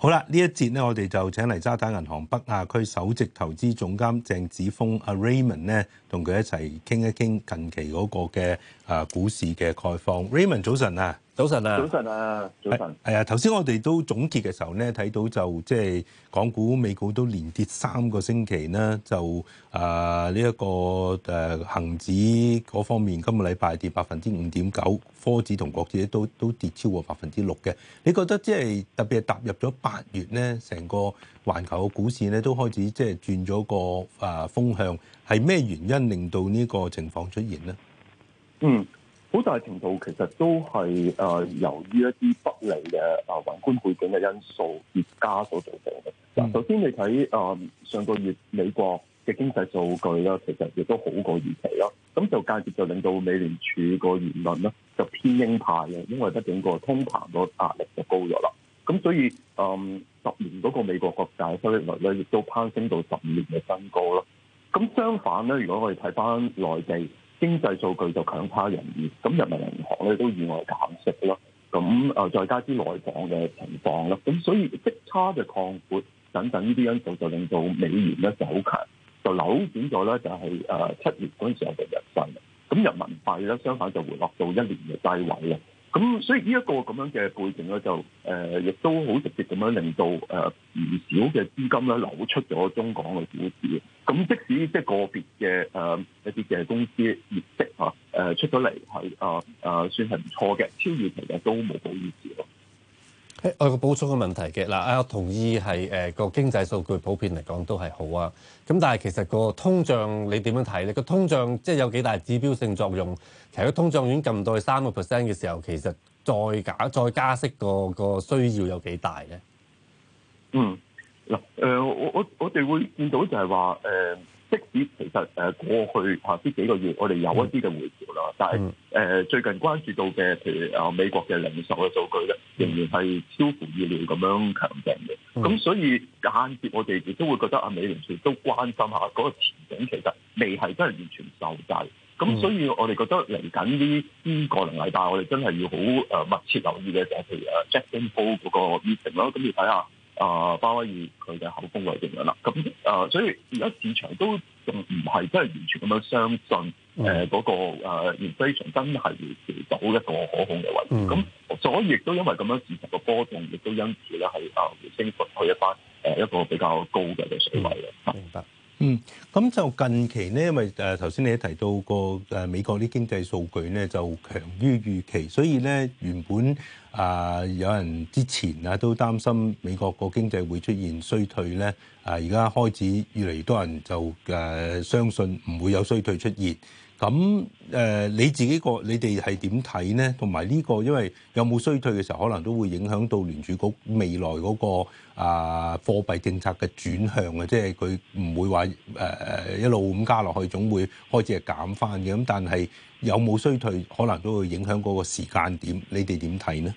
好啦，呢一節呢，我哋就請嚟渣打銀行北亞區首席投資總監鄭子豐。阿 Raymond 呢，同佢一齊傾一傾近期嗰個嘅股市嘅概況。Raymond 早晨啊！早晨啊！早晨啊！早晨。係啊，頭先我哋都總結嘅時候咧，睇到就即係、就是、港股、美股都連跌三個星期呢。就啊，呢、呃、一、這個誒恆、呃、指嗰方面，今個禮拜跌百分之五點九，科指同國指都都跌超過百分之六嘅。你覺得即係、就是、特別係踏入咗八月咧，成個環球嘅股市咧都開始即係、就是、轉咗個啊風、呃、向，係咩原因令到呢個情況出現呢？嗯。好大程度其實都係誒由於一啲不利嘅啊宏觀背景嘅因素疊加所造成嘅。首、嗯、先你睇誒上個月美國嘅經濟數據啦，其實亦都好過預期咯。咁就間接就令到美聯儲個言論咧就偏鷹派嘅，因為畢竟個通膨個壓力就高咗啦。咁所以誒十、嗯、年嗰個美國國債收益率咧亦都攀升到十五年嘅新高咯。咁相反咧，如果我哋睇翻內地。經濟數據就強差人意，咁人民銀行咧都意外減息咁、呃、再加之內房嘅情況啦，咁所以息差嘅擴闊等等呢啲因素就令到美元咧就好強，就扭轉咗咧就係七月嗰陣時候嘅逆勢，咁人民幣咧相反就回落到一年嘅低位啦。咁所以呢一個咁樣嘅背景咧，就誒亦都好直接咁樣令到誒唔少嘅資金咧流出咗中港嘅股市。咁即使即係個別嘅誒一啲嘅公司業績嚇、啊呃、出咗嚟係誒算係唔錯嘅，超越其實都冇好意思。我有個補充嘅問題嘅，嗱啊我同意係誒個經濟數據普遍嚟講都係好啊，咁但係其實個通脹你點樣睇咧？個通脹即係有幾大指標性作用？其實個通脹已經撳到去三個 percent 嘅時候，其實再加再加息個個需要有幾大咧？嗯，嗱、呃、誒，我我我哋會見到就係話誒。呃即使其實誒過去啊，呢幾個月我哋有一啲嘅回調啦、嗯，但係誒最近關注到嘅，譬如美國嘅零售嘅數據咧，仍然係超乎意料咁樣強勁嘅。咁、嗯、所以間接我哋亦都會覺得美聯儲都關心下嗰、那個前景，其實未係真係完全受制。咁所以我哋覺得嚟緊呢呢個禮拜，但我哋真係要好誒密切留意嘅就係譬如 Jackson Hole 嗰個 meeting 咯。咁你睇下。啊、呃，巴威爾佢嘅口風係點樣啦？咁啊、呃，所以而家市場都仲唔係真係完全咁樣相信誒嗰、呃嗯呃那個誒 inflation 真係會調到一個可控嘅位咁、嗯，所以亦都因為咁樣市場嘅波動，亦都因此咧係啊回升翻去一班誒、呃、一個比較高嘅嘅水位嘅、嗯。明白。嗯，咁就近期呢，因為誒頭先你提到個誒美國啲經濟數據呢，就強於預期，所以咧原本。啊！有人之前啊都擔心美國個經濟會出現衰退咧，啊而家開始越嚟越多人就誒、啊、相信唔會有衰退出現。咁誒、啊、你自己個你哋係點睇呢？同埋呢個因為有冇衰退嘅時候，可能都會影響到聯儲局未來嗰個啊貨幣政策嘅轉向嘅，即係佢唔會話誒誒一路咁加落去，總會開始係減翻嘅。咁但係有冇衰退，可能都會影響嗰個時間點。你哋點睇呢？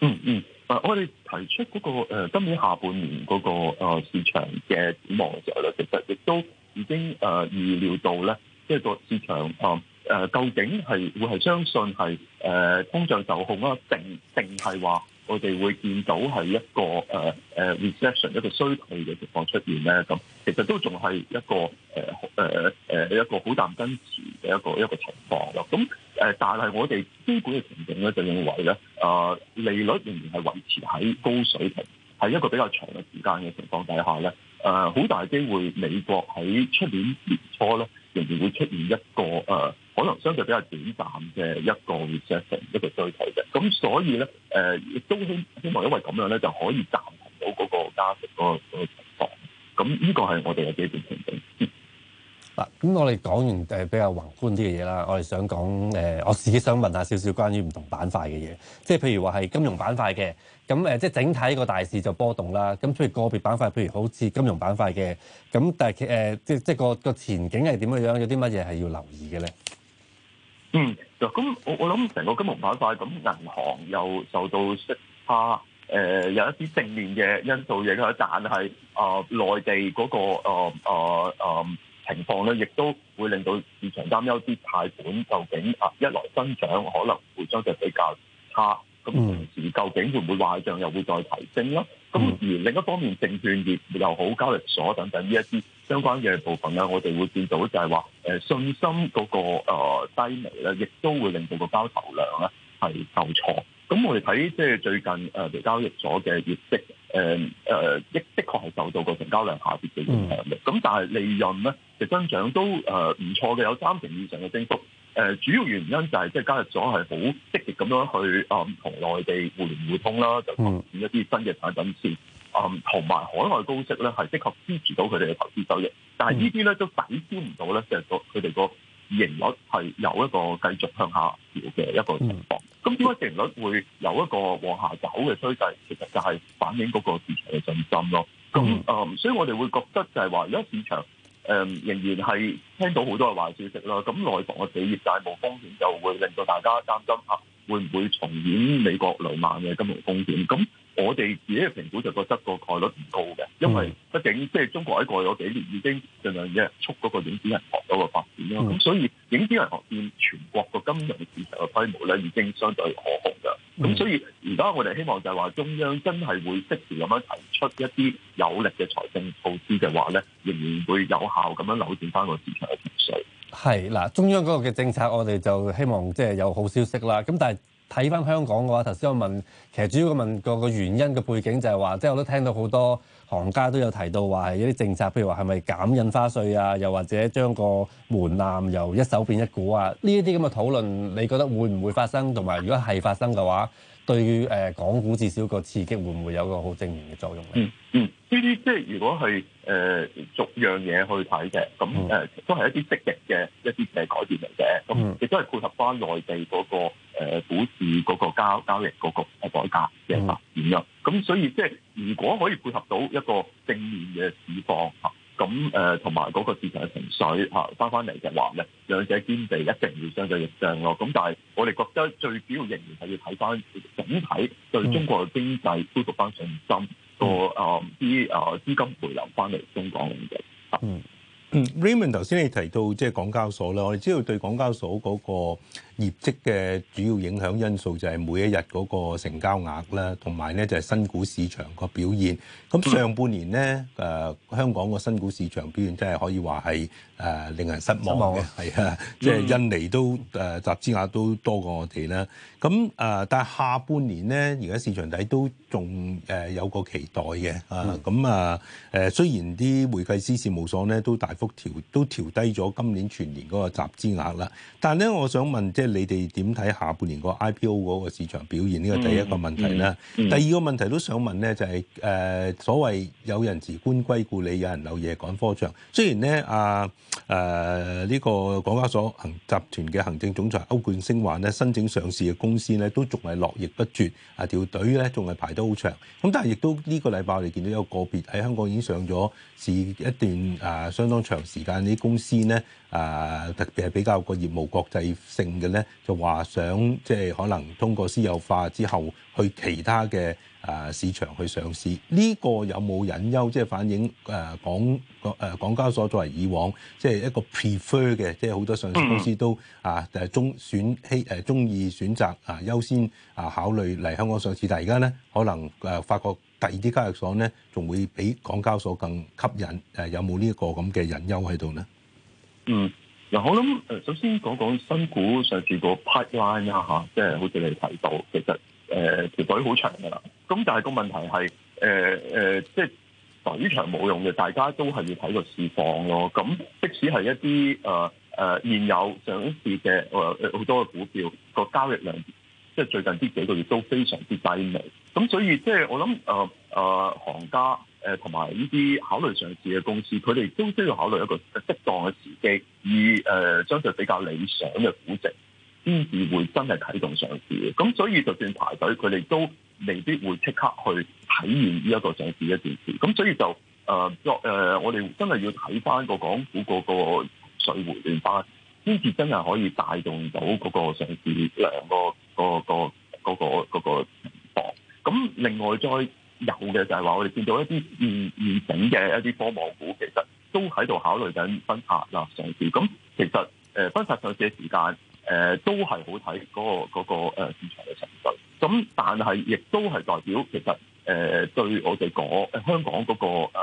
嗯嗯，啊、嗯，我哋提出嗰、那個誒、呃、今年下半年嗰、那個、呃、市場嘅展望咧，其實亦都已經誒、呃、預料到咧，即係個市場誒、呃、究竟係會係相信係誒、呃、通脹受控啊，定定係話。我哋會見到係一個誒誒 recession 一個衰退嘅情況出現咧，咁其實都仲係一個誒誒誒一個好淡跟時嘅一個一個情況咯。咁誒，但係我哋基本嘅情景咧就認為咧，誒、呃、利率仍然係維持喺高水平，係一個比較長嘅時間嘅情況底下咧，誒、呃、好大機會美國喺出年年初咧仍然會出現一個誒、呃可能相對比較短暫嘅一個 recession 一個衰退嘅咁，所以咧誒，都、呃、希希望因為咁樣咧就可以暫停到嗰個加息嗰個個情況。咁呢個係我哋嘅第一段情景。嗱，咁我哋講完誒比較宏觀啲嘅嘢啦，我哋想講誒、呃，我自己想問一下少少關於唔同板塊嘅嘢，即係譬如話係金融板塊嘅咁誒，即係、呃、整體個大市就波動啦。咁譬如個別板塊，譬如好似金融板塊嘅咁，但係誒，即即、這個、這個前景係點樣樣？有啲乜嘢係要留意嘅咧？嗯，就咁我我諗成個金融板塊咁，銀行又受到息差，誒、啊呃、有一啲正面嘅因素影響，但係啊、呃、內地嗰、那個啊啊、呃呃呃、情況咧，亦都會令到市場擔憂啲貸款究竟啊一來增長，可能會將就比較差，咁同時究竟會唔會壞賬又會再提升囉。咁、嗯、而另一方面，證券業又好交易所等等呢一啲相關嘅部分咧，我哋會見到就係話信心嗰、嗰個、呃、低迷咧，亦都會令到個交投量咧係受挫。咁我哋睇即係最近誒、呃、交易所嘅業績誒誒、呃，的確係受到個成交量下跌嘅影響嘅。咁但係利潤咧就增長都誒唔錯嘅，有、呃、三成以上嘅升幅。誒主要原因就係即係加入咗係好積極咁樣去誒同、嗯、內地互聯互通啦，就發展一啲新嘅產品線，誒同埋海外高息咧係的確支持到佢哋嘅投資收益。但係呢啲咧都抵消唔到咧，即係個佢哋個盈率係有一個繼續向下調嘅一個情況。咁點解盈率會有一個往下走嘅趨勢？其實就係反映嗰個市場嘅信心咯。咁誒、嗯，所以我哋會覺得就係話，而家市場，誒仍然係聽到好多嘅壞消息啦，咁內房嘅企業債務風險就會令到大家擔心啊。會唔會重演美國雷曼嘅金融風險？咁我哋自己嘅評估就覺得個概率唔高嘅，因為畢竟即係中國喺過去幾年已經盡量約束嗰個影子銀行嗰個發展啦。咁、嗯、所以影子銀行佔全國個金融市場嘅規模咧，已經相對可控噶。咁所以而家我哋希望就係話中央真係會即時咁樣提出一啲有力嘅財政措施嘅話咧，仍然會有效咁樣扭轉翻個市場嘅秩序。係嗱，中央嗰個嘅政策，我哋就希望即係有好消息啦。咁但係睇翻香港嘅話，頭先我問，其實主要我問個原因嘅背景就係話，即係我都聽到好多行家都有提到話係一啲政策，譬如話係咪減印花稅啊，又或者將個門檻由一手變一股啊，呢一啲咁嘅討論，你覺得會唔會發生？同埋如果係發生嘅話，對於，港股至少個刺激會唔會有個好正面嘅作用咧？嗯嗯，呢啲即係如果係誒、呃、逐樣嘢去睇嘅，咁誒、呃、都係一啲積極嘅一啲誒改變嚟嘅。咁、嗯、亦都係配合翻內地嗰、嗰個、呃、股市嗰個交交易嗰個改革嘅發展咯。咁、嗯、所以即係如果可以配合到一個正面嘅同埋嗰個市場嘅情緒嚇翻翻嚟嘅話咧，兩者兼備一定要相對應象咯。咁但係我哋覺得最主要仍然係要睇翻整體對中國嘅經濟恢復翻信心，個誒啲誒資金流回流翻嚟中港嘅。嗯 Raymond 頭先你提到即係港交所啦，我哋知道對港交所嗰個業績嘅主要影響因素就係每一日嗰個成交額啦，同埋咧就係新股市場個表現。咁上半年咧，誒香港個新股市場表現真係可以話係誒令人失望嘅，係啊，即係印尼都誒集資額都多過我哋啦。咁誒，但係下半年咧，而家市場底都仲誒有個期待嘅啊。咁啊誒，雖然啲會計師事務所咧都大調都調低咗今年全年嗰個集資額啦，但係咧，我想問，即係你哋點睇下半年個 IPO 嗰個市場表現呢？呢個第一個問題啦、嗯嗯。第二個問題都想問咧，就係、是、誒、呃、所謂有人辭官歸故里，有人漏夜趕科場。雖然咧，啊、呃，誒、這、呢個港交所行集團嘅行政總裁歐冠昇話咧，申請上市嘅公司咧都仲係絡繹不絕，啊條隊咧仲係排得好長。咁但係亦都呢個禮拜我哋見到有個個別喺香港已經上咗市一段誒、啊、相當長時間啲公司咧，誒特別係比較個業務國際性嘅咧，就話想即係、就是、可能通過私有化之後去其他嘅誒、啊、市場去上市，呢、這個有冇隱憂？即、就、係、是、反映誒、啊、港誒、啊、港交所作為以往即係、就是、一個 prefer 嘅，即係好多上市公司都啊誒中選希誒中意選擇啊優先啊考慮嚟香港上市，但係而家咧可能誒發覺。第二啲交易所咧，仲會比港交所更吸引？呃、有冇呢一個咁嘅隱憂喺度咧？嗯，嗱我諗首先講講新股上市個 pipeline 啦、啊、嚇，即、就、係、是、好似你提到，其實、呃、條隊好長噶啦。咁但係個問題係即係隊長冇用嘅，大家都係要睇個市況咯。咁即使係一啲誒誒現有上市嘅好、呃、多嘅股票個交易量。即係最近啲幾個月都非常之低迷，咁所以即係我諗誒誒，行家誒同埋呢啲考慮上市嘅公司，佢哋都需要考慮一個適當嘅時機，以誒相對比較理想嘅估值，先至會真係啟動上市。咁所以就算排隊，佢哋都未必會即刻去體驗呢一個上市一件事。咁所以就誒誒、呃呃，我哋真係要睇翻個港股個個水回暖翻，先至真係可以帶動到嗰個上市量個、啊嗰個、嗰個、嗰個、嗰個、嗰個，咁另外再有嘅就係話，我哋見到一啲唔現頂嘅一啲科網股，其實都喺度考慮緊分拆啦上市。咁其實分拆上市嘅時間、呃、都係好睇嗰、嗰個嗰個市場嘅情緒，咁但係亦都係代表其實誒、呃、對我哋嗰、嗰個、香港嗰、嗰個、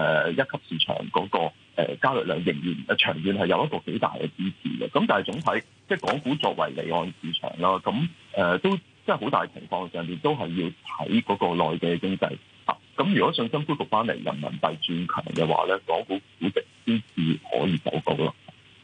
呃、一級市場嗰、嗰個交易、呃、量仍然誒長遠係有一個幾大嘅支持嘅。咁但係總體即係、即係、港股作為離岸市。咁都即係好大情況上面都係要睇嗰個內地嘅經濟，咁如果信心恢復翻嚟，人民幣轉強嘅話咧，港股估值先至可以走高咯。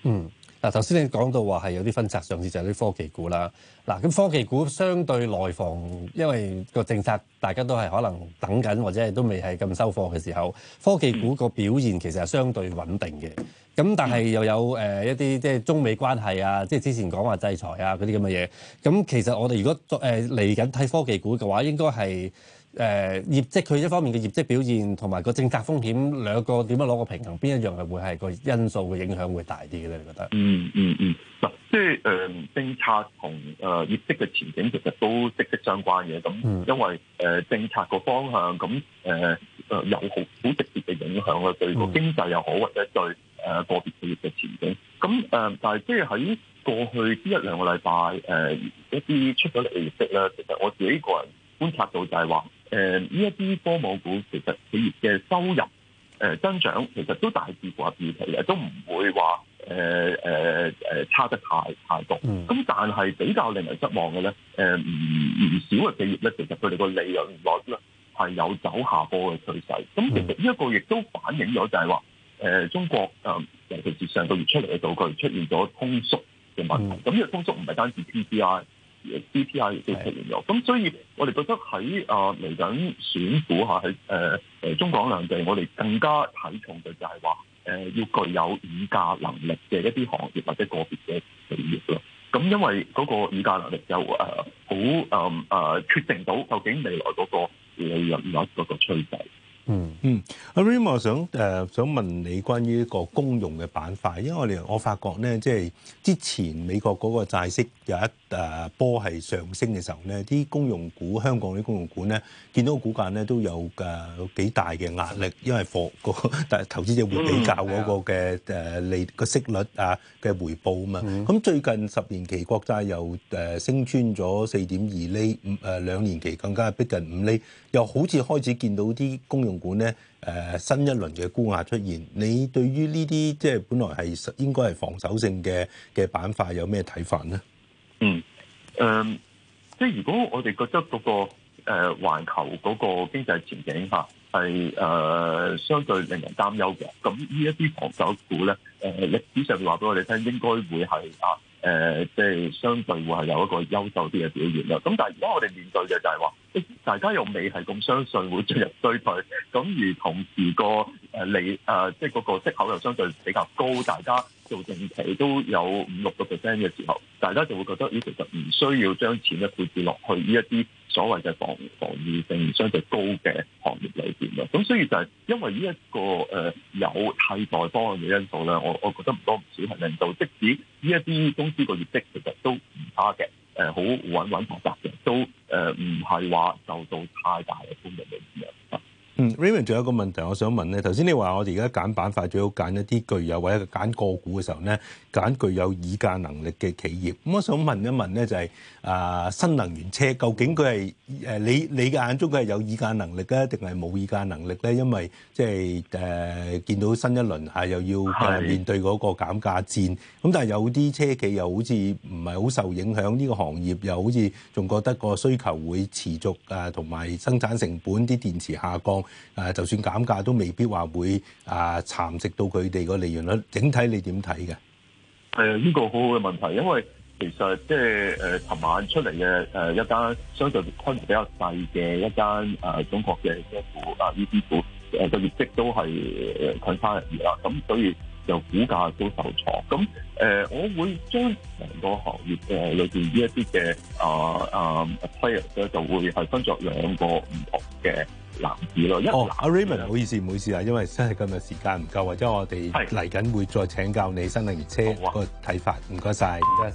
嗯。嗱，頭先你講到話係有啲分拆，上次就係啲科技股啦。嗱，咁科技股相對內房，因為個政策大家都係可能等緊，或者都未係咁收貨嘅時候，科技股個表現其實係相對穩定嘅。咁但係又有誒、呃、一啲即係中美關係啊，即係之前講話制裁啊嗰啲咁嘅嘢。咁其實我哋如果誒嚟緊睇科技股嘅話，應該係。誒、呃、業績佢一方面嘅業績表現，同埋個政策風險兩個點樣攞個平衡？邊一樣係會係個因素嘅影響會大啲咧？你覺得？嗯嗯嗯，嗱、嗯嗯，即係誒、呃、政策同誒、呃、業績嘅前景其實都息息相關嘅。咁、嗯、因為誒、呃、政策個方向咁誒誒有好好直接嘅影響啦，對個經濟又好，或者對誒個別企業嘅前景。咁、嗯、誒、呃，但係即係喺過去呢一兩個禮拜誒一啲出咗嚟嘅業績咧，其實我自己個人觀察到就係話。誒呢一啲科網股其實企業嘅收入誒、呃、增長其實都大致符合預期嘅，都唔會話誒誒差得太太多。咁但係比較令人失望嘅咧，誒唔唔少嘅企業咧，其實佢哋個利潤率咧係有走下坡嘅趨勢。咁、嗯嗯、其實呢一個亦都反映咗就係話，誒、呃、中國誒、呃、尤其是上個月出嚟嘅數據出現咗通縮嘅問題。咁、嗯、呢個通縮唔係單止 PPI。CPI 亦都出現咗，咁所以我哋覺得喺啊嚟緊選股下喺誒中港兩地，我哋更加睇重嘅就係話誒要具有議價能力嘅一啲行業或者個別嘅企業咯。咁因為嗰個議價能力就誒好誒誒決定到究竟未來嗰個利潤率有嗰個趨勢。嗯嗯，阿 Raymond 想誒、呃、想問你關於一個公用嘅板塊，因為我哋我發覺咧，即係之前美國嗰個債息有一誒波係上升嘅時候咧，啲公用股香港啲公用股咧，見到個股價咧都有誒幾大嘅壓力，因為貨個但係投資者會比較嗰個嘅誒利個息率啊嘅回報啊嘛。咁、嗯嗯、最近十年期國債又誒升穿咗四點二厘，誒兩年期更加逼近五厘，又好似開始見到啲公用。咧，新一輪嘅沽壓出現，你對於呢啲即係本來係應該係防守性嘅嘅板塊有咩睇法咧？嗯，呃、即係如果我哋覺得嗰、那個環、呃、球嗰個經濟前景下係、呃、相對令人擔憂嘅，咁呢一啲防守股咧、呃，歷史上面話俾我哋聽，應該會係啊。誒、呃、即、就、係、是、相對會係有一個優秀啲嘅表現啦。咁但係而家我哋面對嘅就係、是、話，即係大家又未係咁相信會進入對對，咁而同時個誒利誒，即係個個息口又相對比較高，大家，做定期都有五六個 percent 嘅時候，大家就會覺得咦，其實唔需要將錢咧配置落去呢一啲所謂嘅防防禦性相對高嘅行業裏邊咯。咁所以就係因為呢、這、一個誒、呃、有替代方案嘅因素咧，我我覺得唔多唔少係令到即使呢一啲公司個業績其實都唔差嘅，誒好穩穩紮扎嘅，都誒唔係話受到太大嘅波動嘅。嗯，Raymond 仲有一個問題，我想問咧。頭先你話我哋而家揀板塊最好揀一啲具有，或者揀個股嘅時候咧，揀具有議價能力嘅企業。咁我想問一問咧，就係、誒、啊，新能源車究竟佢係、誒、你你嘅眼中佢係有議價能力咧，定係冇議價能力咧？因為即係誒見到新一輪啊，又要面對嗰個減價戰。咁但係有啲車企又好似唔係好受影響，呢、呢個行業又好似仲覺得個需求會持續啊，同埋生產成本啲電池下降。就算減價都未必話會誒，呃、蠶食到佢哋個利潤率。整體你點睇嘅？誒、呃，呢、這個很好好嘅問題，因為其實即係誒，琴、呃、晚出嚟嘅、呃、一間相對規模比較細嘅一間誒中國嘅股啊，呢啲股誒個業績都係近翻嚟啦，咁、呃、所以。就股價都受挫，咁誒、呃，我會將成個行業誒裏邊呢一啲嘅啊啊 player 咧就會係分作兩個唔同嘅層次咯。哦，阿、oh, 啊、Raymond，唔好意思，唔好意思啊，因為真係今日時間唔夠，或者我哋嚟緊會再請教你新能源車個睇法，唔該晒。謝謝。